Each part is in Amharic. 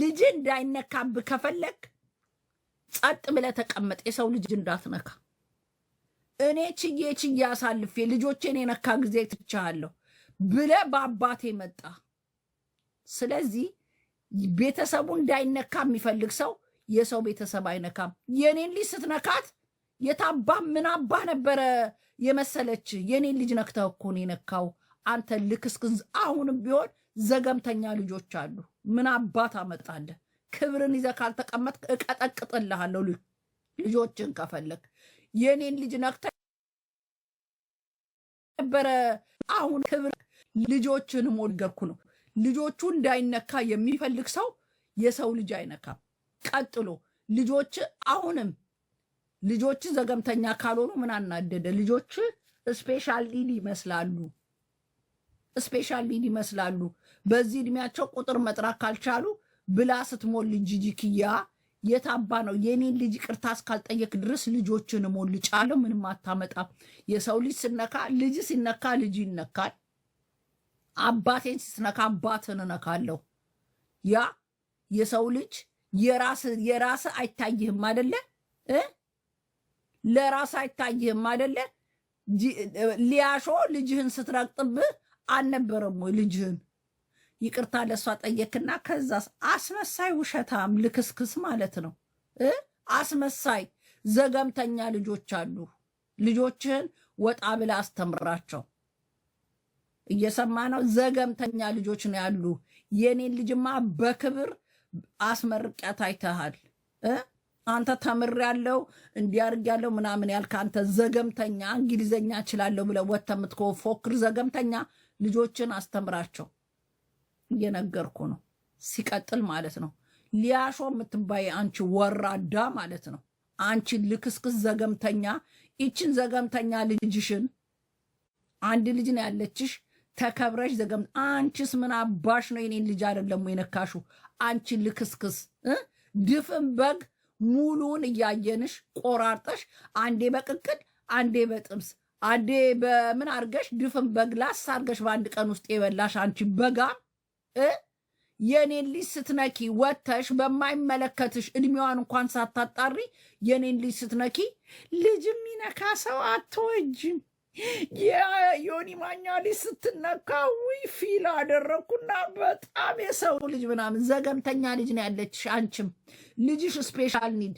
ልጅ እንዳይነካ ከፈለግ ጸጥ ብለ ተቀመጥ። የሰው ልጅ እንዳትነካ። እኔ ችዬ ችዬ አሳልፌ ልጆቼን የነካ ጊዜ ትቻለሁ ብለ በአባቴ መጣ። ስለዚህ ቤተሰቡ እንዳይነካ የሚፈልግ ሰው የሰው ቤተሰብ አይነካም። የኔን ልጅ ስትነካት የታባ ምን አባ ነበረ የመሰለች የኔን ልጅ ነክተህ እኮ ነው የነካው አንተ ልክስክዝ። አሁንም ቢሆን ዘገምተኛ ልጆች አሉ። ምን አባት አመጣለ? ክብርን ይዘ ካልተቀመጥ እቀጠቅጥልሃለሁ። ልጆችን ከፈለግ የኔን ልጅ ነክተ ነበረ። አሁን ክብር ልጆችን ሞልገኩ ነው። ልጆቹ እንዳይነካ የሚፈልግ ሰው የሰው ልጅ አይነካም። ቀጥሎ ልጆች አሁንም ልጆች ዘገምተኛ ካልሆኑ ምን አናደደ? ልጆች ስፔሻል ሊድ ይመስላሉ። ስፔሻል ሊድ ይመስላሉ። በዚህ እድሜያቸው ቁጥር መጥራት ካልቻሉ ብላ ስትሞል ጂጂ ኪያ የታባ ነው የኔን ልጅ ቅርታ እስካልጠየቅ ድረስ ልጆችን ሞልጫለሁ። ምንም አታመጣም። የሰው ልጅ ስነካ ልጅ ሲነካ ልጅ ይነካል። አባቴን ስትነካ አባትን እነካለሁ። ያ የሰው ልጅ የራስ የራስ አይታይህም አደለ? ለራስ አይታይህም አደለ? ሊያሾ ልጅህን ስትረቅጥብህ አልነበረም ወይ ልጅህን ይቅርታ ለእሷ ጠየክና ከዛ አስመሳይ ውሸታም ልክስክስ ማለት ነው። አስመሳይ ዘገምተኛ ልጆች አሉ። ልጆችህን ወጣ ብላ አስተምራቸው። እየሰማ ነው። ዘገምተኛ ልጆች ነው ያሉ። የኔን ልጅማ በክብር አስመርቂያ ታይተሃል። አንተ ተምሬያለሁ እንዲያርጊያለሁ ምናምን ያልክ አንተ ዘገምተኛ፣ እንግሊዘኛ እችላለሁ ብለህ ወጥተህ ፎክር ዘገምተኛ ልጆችን አስተምራቸው። እየነገርኩ ነው። ሲቀጥል ማለት ነው ሊያሾ የምትባይ አንቺ ወራዳ ማለት ነው። አንቺ ልክስክስ ዘገምተኛ፣ ይችን ዘገምተኛ ልጅሽን አንድ ልጅ ነው ያለችሽ ተከብረሽ ዘገም አንቺስ ምን አባሽ ነው የኔን ልጅ አይደለም የነካሹ አንቺ ልክስክስ ድፍን በግ ሙሉውን እያየንሽ ቆራርጠሽ አንዴ በቅቅድ አንዴ በጥብስ አንዴ በምን አርገሽ ድፍን በግ ላስ አርገሽ በአንድ ቀን ውስጥ የበላሽ አንቺ በጋም የኔን ልጅ ስትነኪ ወተሽ በማይመለከትሽ እድሜዋን እንኳን ሳታጣሪ የኔን ልጅ ስትነኪ ልጅ የሚነካ ሰው አትወጅም። የዮኒ ማኛ ልጅ ስትነካ ውይ ፊል አደረግኩና በጣም የሰው ልጅ ምናምን ዘገምተኛ ልጅ ነው ያለችሽ። አንቺም ልጅሽ ስፔሻል ኒድ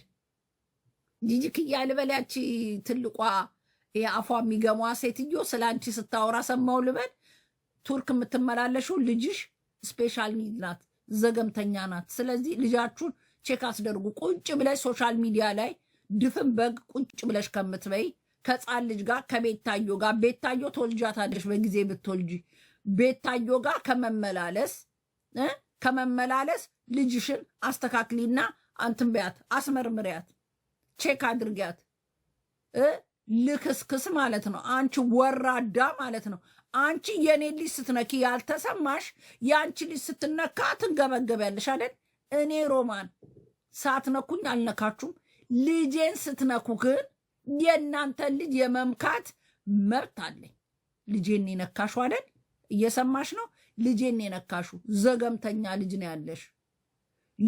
ልጅ ክያ ልበል። ያቺ ትልቋ የአፏ የሚገሟ ሴትዮ ስለ አንቺ ስታወራ ሰማው ልበል። ቱርክ የምትመላለሹ ልጅሽ ስፔሻል ኒድ ናት፣ ዘገምተኛ ናት። ስለዚህ ልጃችሁን ቼክ አስደርጉ። ቁጭ ብለሽ ሶሻል ሚዲያ ላይ ድፍን በግ ቁጭ ብለሽ ከምትበይ ከጻን ልጅ ጋር ከቤታዮ ጋር ቤታዮ ተወልጃታለሽ በጊዜ ብትወልጂ ቤታዮ ጋር ከመመላለስ ከመመላለስ ልጅሽን አስተካክሊና አንትን በያት፣ አስመርምሪያት፣ ቼክ አድርጊያት። ልክስክስ ማለት ነው። አንቺ ወራዳ ማለት ነው። አንቺ የኔ ልጅ ስትነኪ ያልተሰማሽ የአንቺ ልጅ ስትነካ ትንገበገቢያለሽ አይደል? እኔ ሮማን ሳትነኩኝ አልነካችሁም። ልጄን ስትነኩ ግን የእናንተን ልጅ የመምካት መብት አለኝ። ልጄን የነካሹ አይደል? እየሰማሽ ነው? ልጄን የነካሹ ዘገምተኛ ልጅ ነው ያለሽ።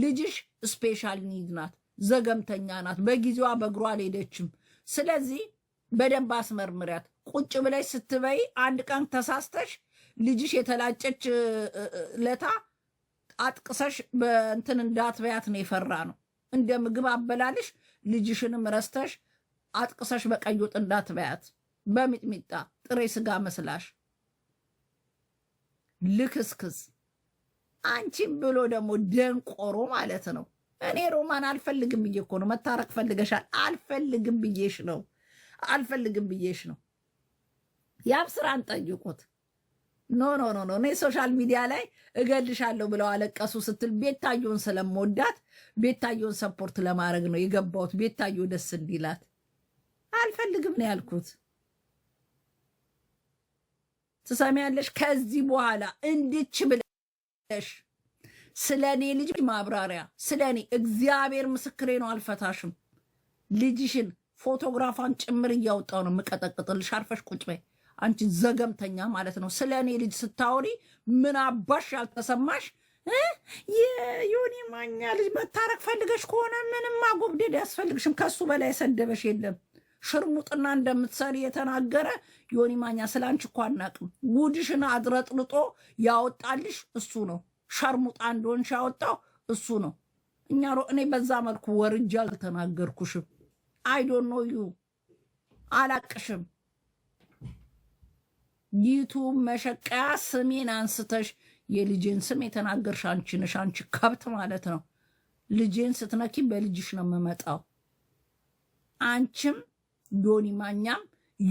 ልጅሽ ስፔሻል ኒድ ናት፣ ዘገምተኛ ናት። በጊዜዋ በእግሯ አልሄደችም። ስለዚህ በደንብ አስመርምሪያት። ቁጭ ብለሽ ስትበይ አንድ ቀን ተሳስተሽ ልጅሽ የተላጨች ለታ አጥቅሰሽ በእንትን እንዳትበያት ነው የፈራ ነው። እንደ ምግብ አበላልሽ ልጅሽንም ረስተሽ አጥቅሰሽ በቀይ ወጥ እንዳትበያት በሚጥሚጣ ጥሬ ስጋ መስላሽ ልክስክስ አንቺም ብሎ ደግሞ ደንቆሮ ማለት ነው። እኔ ሮማን አልፈልግም ብዬ እኮ ነው። መታረቅ ፈልገሻል። አልፈልግም ብዬሽ ነው። አልፈልግም ብዬሽ ነው። ያም ስራን ጠይቁት። ኖ ኖ ኖ ኖ እኔ ሶሻል ሚዲያ ላይ እገልሻለሁ ብለው አለቀሱ ስትል ቤታየውን ስለምወዳት ቤታየውን ሰፖርት ለማድረግ ነው የገባሁት። ቤታየ ደስ እንዲላት አልፈልግም ነው ያልኩት። ትሰሚያለሽ? ከዚህ በኋላ እንድች ብለሽ ስለ እኔ ልጅ ማብራሪያ ስለ እኔ እግዚአብሔር ምስክሬ ነው አልፈታሽም ልጅሽን ፎቶግራፏን ጭምር እያወጣው ነው የምቀጠቅጥልሽ። አርፈሽ ቁጭ በይ አንቺ ዘገምተኛ ማለት ነው። ስለ እኔ ልጅ ስታወሪ ምን አባሽ ያልተሰማሽ? የዮኒ ማኛ ልጅ መታረቅ ፈልገሽ ከሆነ ምንም ማጎብደድ ያስፈልግሽም። ከሱ በላይ የሰደበሽ የለም። ሽርሙጥና እንደምትሰሪ የተናገረ ዮኒ ማኛ ስለ አንቺ እኮ አናቅም። ጉድሽን አድረጥልጦ ያወጣልሽ እሱ ነው። ሸርሙጣ እንደሆንሽ ያወጣው እሱ ነው። እኛ እኔ በዛ መልኩ ወርጃ አልተናገርኩሽም። አይ ዶንት ኖ ዩ አላቅሽም። ዩቱብ መሸቀያ ስሜን አንስተሽ የልጄን ስም የተናገርሽ አንቺ ነሽ። አንቺ ከብት ማለት ነው። ልጄን ስትነኪ በልጅሽ ነው የምመጣው። አንቺም ዮኒ ማኛም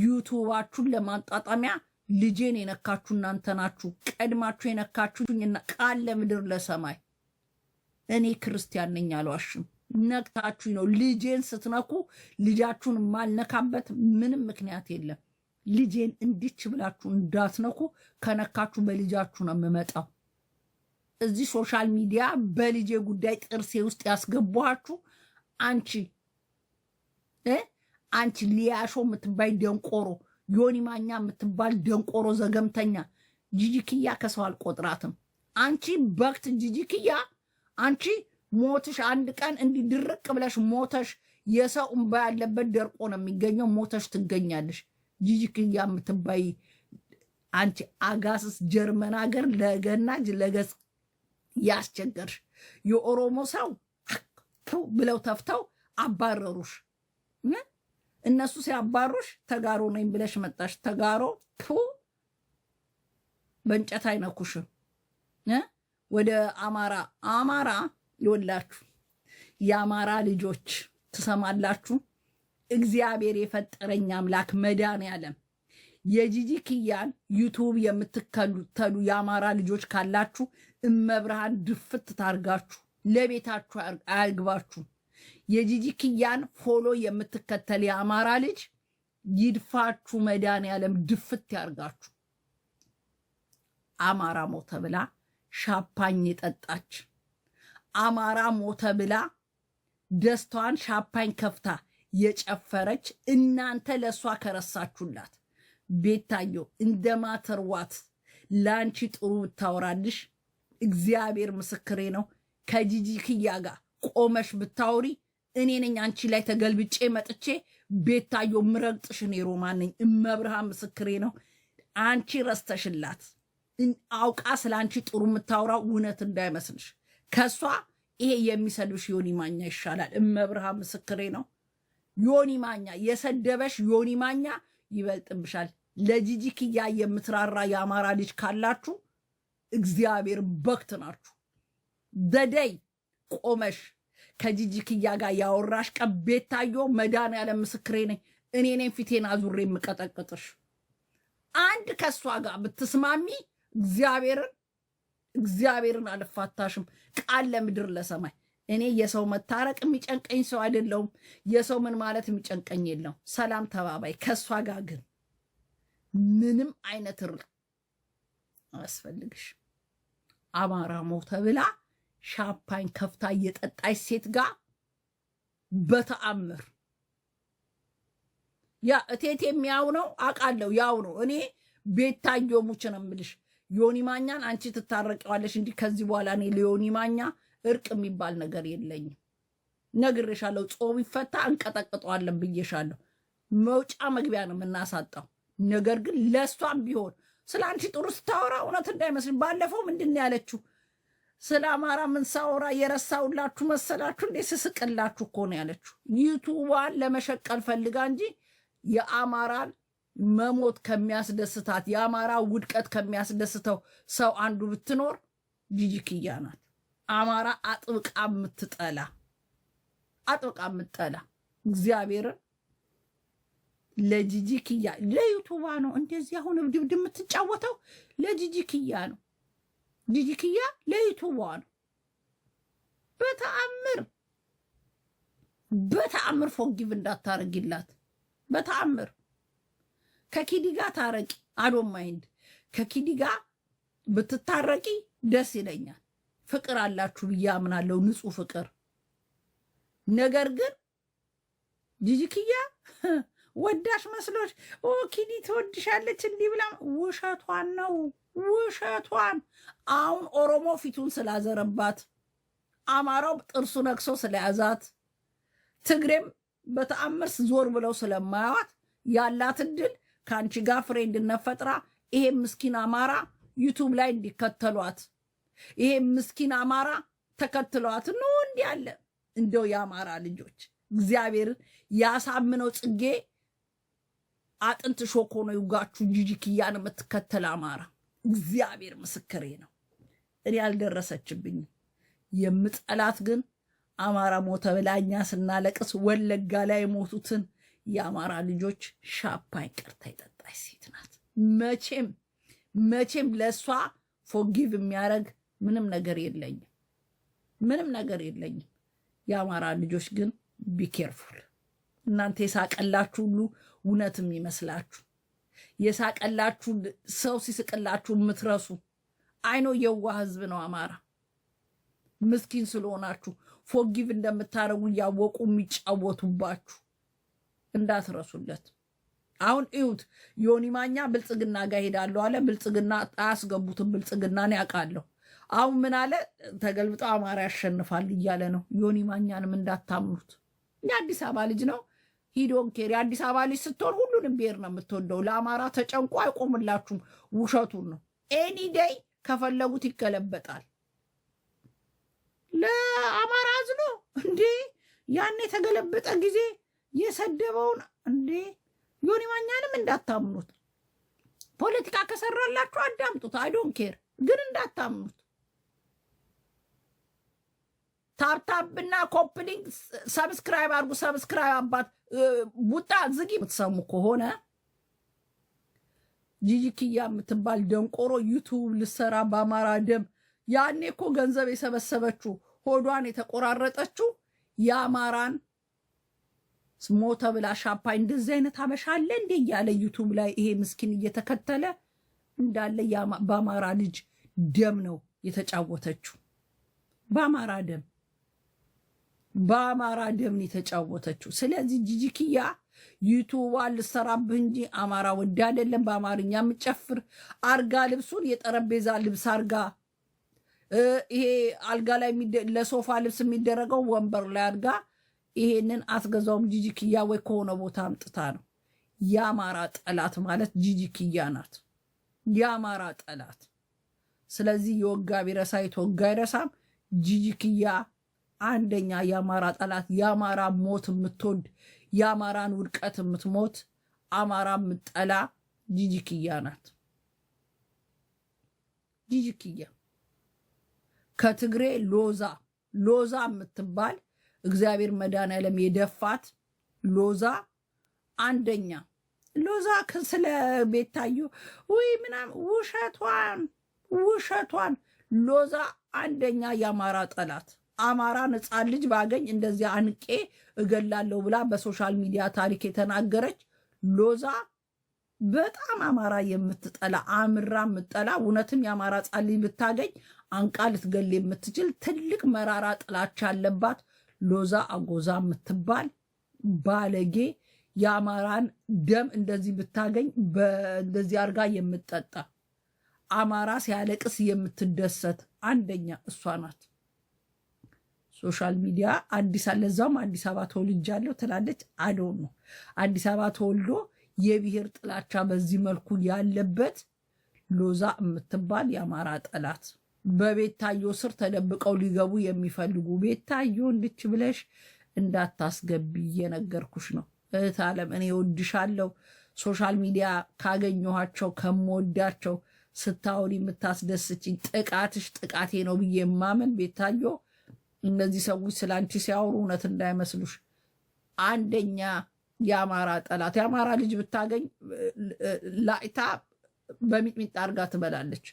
ዩቱባችሁን ለማጣጣሚያ ልጄን የነካችሁ እናንተ ናችሁ። ቀድማችሁ የነካችሁኝ ቃል ለምድር ለሰማይ። እኔ ክርስቲያን ነኝ አልዋሽም። ነቅታችሁ ነው። ልጄን ስትነኩ ልጃችሁን ማልነካበት ምንም ምክንያት የለም። ልጄን እንዲች ብላችሁ እንዳትነኩ። ከነካችሁ በልጃችሁ ነው የምመጣው። እዚህ ሶሻል ሚዲያ በልጄ ጉዳይ ጥርሴ ውስጥ ያስገቧችሁ አንቺ አንቺ ሊያሾ የምትባይ ደንቆሮ፣ ዮኒ ማኛ የምትባል ደንቆሮ ዘገምተኛ፣ ጂጂክያ ከሰው አልቆጥራትም። አንቺ በክት ጂጂክያ አንቺ ሞትሽ አንድ ቀን እንዲህ ድርቅ ብለሽ ሞተሽ የሰው እንባ ያለበት ደርቆ ነው የሚገኘው። ሞተሽ ትገኛለሽ። ጂጂክያ የምትባይ አንቺ አጋስስ ጀርመን ሀገር ለገናጅ ለገጽ ያስቸገርሽ የኦሮሞ ሰው ብለው ተፍተው አባረሩሽ። እነሱ ሲያባሩሽ ተጋሮ ነኝ ብለሽ መጣሽ። ተጋሮ በእንጨት አይነኩሽም። ወደ አማራ አማራ ይወላችሁ የአማራ ልጆች ትሰማላችሁ። እግዚአብሔር የፈጠረኝ አምላክ መዳን ያለም የጂጂ ኪያን ዩቱብ የምትከተሉ የአማራ ልጆች ካላችሁ እመብርሃን ድፍት ታርጋችሁ ለቤታችሁ አያግባችሁ። የጂጂ ኪያን ፎሎ የምትከተል የአማራ ልጅ ይድፋችሁ፣ መዳን ያለም ድፍት ያርጋችሁ። አማራ ሞተ ብላ ሻምፓኝ የጠጣች አማራ ሞተ ብላ ደስታዋን ሻምፓኝ ከፍታ የጨፈረች እናንተ ለእሷ ከረሳችሁላት ቤታዮ እንደ ማተርዋት ለአንቺ ጥሩ ብታወራልሽ እግዚአብሔር ምስክሬ ነው። ከጂጂ ክያ ጋር ቆመሽ ብታወሪ እኔ ነኝ አንቺ ላይ ተገልብጬ መጥቼ ቤታዮ ምረግጥሽ እኔ ሮማን ነኝ። እመብርሃን ምስክሬ ነው። አንቺ ረስተሽላት አውቃ ስለ አንቺ ጥሩ የምታወራው እውነት እንዳይመስልሽ። ከእሷ ይሄ የሚሰድብሽ ዮኒ ማኛ ይሻላል። እመብርሃ ምስክሬ ነው። ዮኒ ማኛ የሰደበሽ ዮኒ ማኛ ይበልጥብሻል። ለጂጂ ክያ የምትራራ የአማራ ልጅ ካላችሁ እግዚአብሔር በክት ናችሁ። ዘደይ ቆመሽ ከጂጂ ክያ ጋር ያወራሽ ቀን ቤታዮ መድኃኒዓለም ምስክሬ ነኝ። እኔ ነኝ ፊቴን አዙሬ የምቀጠቅጥሽ። አንድ ከእሷ ጋር ብትስማሚ እግዚአብሔርን እግዚአብሔርን አልፋታሽም። ቃል ለምድር ለሰማይ እኔ የሰው መታረቅ የሚጨንቀኝ ሰው አይደለውም። የሰው ምን ማለት የሚጨንቀኝ የለው። ሰላም ተባባይ ከእሷ ጋር ግን ምንም አይነት ር አያስፈልግሽ። አማራ ሞተ ብላ ሻምፓኝ ከፍታ እየጠጣች ሴት ጋር በተአምር ያ እቴት የሚያው ነው አውቃለሁ፣ ያው ነው። እኔ ቤታዮ ሙች ነው የምልሽ ዮኒ ማኛን አንቺ ትታረቂዋለሽ እንጂ ከዚህ በኋላ እኔ ለዮኒ ማኛ እርቅ የሚባል ነገር የለኝም። ነግሬሻለሁ። ጾም ይፈታ እንቀጠቅጠዋለን ብዬሻለሁ። መውጫ መግቢያ ነው የምናሳጣው። ነገር ግን ለእሷም ቢሆን ስለ አንቺ ጥሩ ስታወራ እውነት እንዳይመስል። ባለፈው ምንድን ነው ያለችው? ስለ አማራ ምን ሳወራ የረሳውላችሁ መሰላችሁ እንዴ? ስስቅላችሁ እኮ ነው ያለችው። ዩቱቧን ለመሸቀል ፈልጋ እንጂ የአማራን መሞት ከሚያስደስታት የአማራ ውድቀት ከሚያስደስተው ሰው አንዱ ብትኖር ጅጅክያ ናት። አማራ አጥብቃ የምትጠላ አጥብቃ የምትጠላ እግዚአብሔርን ለጂጂክያ ለዩቱባ ነው እንደዚህ አሁን እብድብድ የምትጫወተው ለጂጂክያ ነው። ጂጂክያ ለዩቱባ ነው። በተአምር በተአምር ፎጊቭ እንዳታረግላት በተአምር ከኪዲ ጋር ታረቂ፣ አዶን ማይንድ ከኪዲ ጋር ብትታረቂ ደስ ይለኛል። ፍቅር አላችሁ ብዬ አምናለሁ፣ ንጹህ ፍቅር። ነገር ግን ጂጂክያ ወዳሽ መስሎች ኦ ኪዲ ትወድሻለች እንዲህ ብላ ውሸቷን ነው ውሸቷን። አሁን ኦሮሞ ፊቱን ስላዘረባት፣ አማራው ጥርሱ ነክሶ ስለያዛት፣ ትግሬም በተአምርስ ዞር ብለው ስለማያዋት ያላት እድል ከአንቺ ጋር ፍሬንድነት ፈጥራ ይሄ ምስኪን አማራ ዩቱብ ላይ እንዲከተሏት ይሄ ምስኪን አማራ ተከትለዋት ኖ እንዲ ያለ እንደው የአማራ ልጆች እግዚአብሔር ያሳምነው ጽጌ አጥንት ሾኮ ነው ይውጋችሁ። ጂጂክያን የምትከተል አማራ እግዚአብሔር ምስክሬ ነው። እኔ አልደረሰችብኝም። የምጠላት ግን አማራ ሞተ ብላኛ ስናለቅስ ወለጋ ላይ የሞቱትን የአማራ ልጆች ሻምፓኝ ቀርታ የጠጣች ሴት ናት። መቼም መቼም ለእሷ ፎጊቭ የሚያደርግ ምንም ነገር የለኝም፣ ምንም ነገር የለኝም። የአማራ ልጆች ግን ቢኬርፉል። እናንተ የሳቀላችሁ ሁሉ እውነትም ይመስላችሁ የሳቀላችሁ ሰው ሲስቅላችሁ የምትረሱ አይኖ የዋ ህዝብ ነው አማራ። ምስኪን ስለሆናችሁ ፎጊቭ እንደምታደርጉ እያወቁ የሚጫወቱባችሁ እንዳትረሱለት። አሁን እዩት፣ ዮኒ ማኛ ብልጽግና ጋር ሄዳለሁ አለ። ብልጽግና አያስገቡትም። ብልጽግናን ያውቃለሁ። አሁን ምን አለ? ተገልብጦ አማራ ያሸንፋል እያለ ነው። ዮኒ ማኛንም እንዳታምኑት። የአዲስ አበባ ልጅ ነው። ሂዶን ኬር የአዲስ አበባ ልጅ ስትሆን ሁሉንም ብሄር ነው የምትወደው። ለአማራ ተጨንቆ አይቆምላችሁም። ውሸቱን ነው። ኤኒ ደይ ከፈለጉት ይገለበጣል። ለአማራ አዝኖ እንዴ ያን የተገለበጠ ጊዜ የሰደበውን እንዴ ዮኒ ማኛንም እንዳታምኑት። ፖለቲካ ከሰራላችሁ አዳምጡት፣ አይዶን ኬር ግን እንዳታምኑት። ታብታብና ኮፕሊንግ ሰብስክራይብ አድርጉ። ሰብስክራይብ አባት ቡጣ ዝጊ የምትሰሙ ከሆነ ጂጂክያ የምትባል ደንቆሮ ዩቱብ ልሰራ በአማራ ደም ያኔ እኮ ገንዘብ የሰበሰበችው ሆዷን የተቆራረጠችው የአማራን ሞተ ብላ ሻምፓኝ እንደዚህ አይነት አበሻ አለ እንዴ እያለ ዩቱብ ላይ ይሄ ምስኪን እየተከተለ እንዳለ በአማራ ልጅ ደም ነው የተጫወተችው። በአማራ ደም በአማራ ደም የተጫወተችው። ስለዚህ ጂጂክያ ዩቱብ አልሰራብህ እንጂ አማራ ወድ አይደለም። በአማርኛ የምጨፍር አርጋ ልብሱን የጠረጴዛ ልብስ አርጋ ይሄ አልጋ ላይ ለሶፋ ልብስ የሚደረገው ወንበር ላይ አርጋ ይሄንን አስገዛውም ጂጂክያ ወይ ከሆነ ቦታ አምጥታ ነው። የአማራ ጠላት ማለት ጂጂክያ ናት፣ የአማራ ጠላት። ስለዚህ የወጋ ቢረሳ የተወጋ አይረሳም። ጂጂክያ አንደኛ የአማራ ጠላት፣ የአማራ ሞት የምትወድ የአማራን ውድቀት የምትሞት አማራ የምጠላ ጂጂክያ ናት። ጂጂክያ ከትግሬ ሎዛ ሎዛ የምትባል እግዚአብሔር መድኃኒዓለም የደፋት ሎዛ አንደኛ ሎዛ ስለ ቤታዮ ውይ ምናምን ውሸቷን ውሸቷን ሎዛ አንደኛ የአማራ ጠላት አማራ ሕፃን ልጅ ባገኝ እንደዚያ አንቄ እገላለሁ ብላ በሶሻል ሚዲያ ታሪክ የተናገረች ሎዛ በጣም አማራ የምትጠላ አምራ የምጠላ እውነትም የአማራ ሕፃን ልጅ ብታገኝ አንቃ ልትገል የምትችል ትልቅ መራራ ጥላቻ ያለባት ሎዛ አጎዛ የምትባል ባለጌ የአማራን ደም እንደዚህ ብታገኝ እንደዚህ አርጋ የምትጠጣ አማራ ሲያለቅስ የምትደሰት አንደኛ እሷ ናት። ሶሻል ሚዲያ አዲስ አለዛውም አዲስ አበባ ተወልጃለሁ ትላለች። አደው ነው አዲስ አበባ ተወልዶ የብሔር ጥላቻ በዚህ መልኩ ያለበት ሎዛ የምትባል የአማራ ጠላት በቤታዮ ስር ተደብቀው ሊገቡ የሚፈልጉ ቤታዮ እንድች ብለሽ እንዳታስገቢ እየነገርኩሽ ነው። እህት አለም እኔ ወድሻለሁ። ሶሻል ሚዲያ ካገኘኋቸው ከምወዳቸው ስታወሪ የምታስደስችኝ ጥቃትሽ ጥቃቴ ነው ብዬ የማምን ቤታዮ፣ እነዚህ ሰዎች ስለ አንቺ ሲያወሩ እውነት እንዳይመስሉሽ። አንደኛ የአማራ ጠላት የአማራ ልጅ ብታገኝ ላይታ በሚጥሚጣ አርጋ ትበላለች።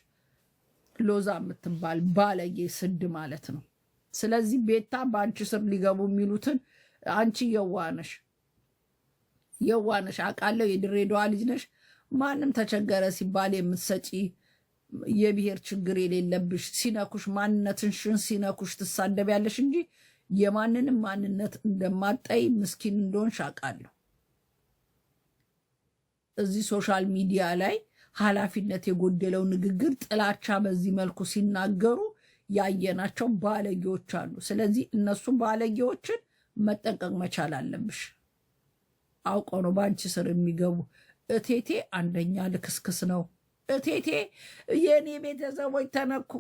ሎዛ የምትባል ባለጌ ስድ ማለት ነው። ስለዚህ ቤታ በአንቺ ስር ሊገቡ የሚሉትን አንቺ የዋነሽ የዋነሽ አውቃለሁ። የድሬዳዋ ልጅ ነሽ። ማንም ተቸገረ ሲባል የምትሰጪ የብሔር ችግር የሌለብሽ፣ ሲነኩሽ ማንነትሽን ሲነኩሽ ትሳደቢያለሽ እንጂ የማንንም ማንነት እንደማጠይ ምስኪን እንደሆንሽ አውቃለሁ። እዚህ ሶሻል ሚዲያ ላይ ኃላፊነት የጎደለው ንግግር፣ ጥላቻ በዚህ መልኩ ሲናገሩ ያየናቸው ባለጌዎች አሉ። ስለዚህ እነሱ ባለጌዎችን መጠንቀቅ መቻል አለብሽ። አውቀው ነው በአንቺ ስር የሚገቡ። እቴቴ አንደኛ ልክስክስ ነው። እቴቴ የእኔ ቤተሰቦች ተነኩ፣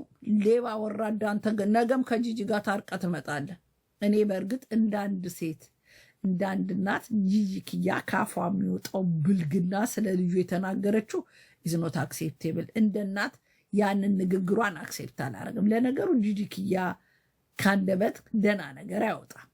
ሌባ ወራዳ። አንተ ነገም ከጂጂ ጋር ታርቀ ትመጣለ። እኔ በእርግጥ እንደ አንድ ሴት እንደ አንድ እናት ጂጂ ክያ ካፏ የሚወጣው ብልግና ስለ ልጁ የተናገረችው ኢዝኖት አክሴፕቴብል እንደ እናት ያንን ንግግሯን አክሴፕት አላረግም። ለነገሩ ጂጂ ኪያ ካንደበት ደህና ነገር አይወጣም።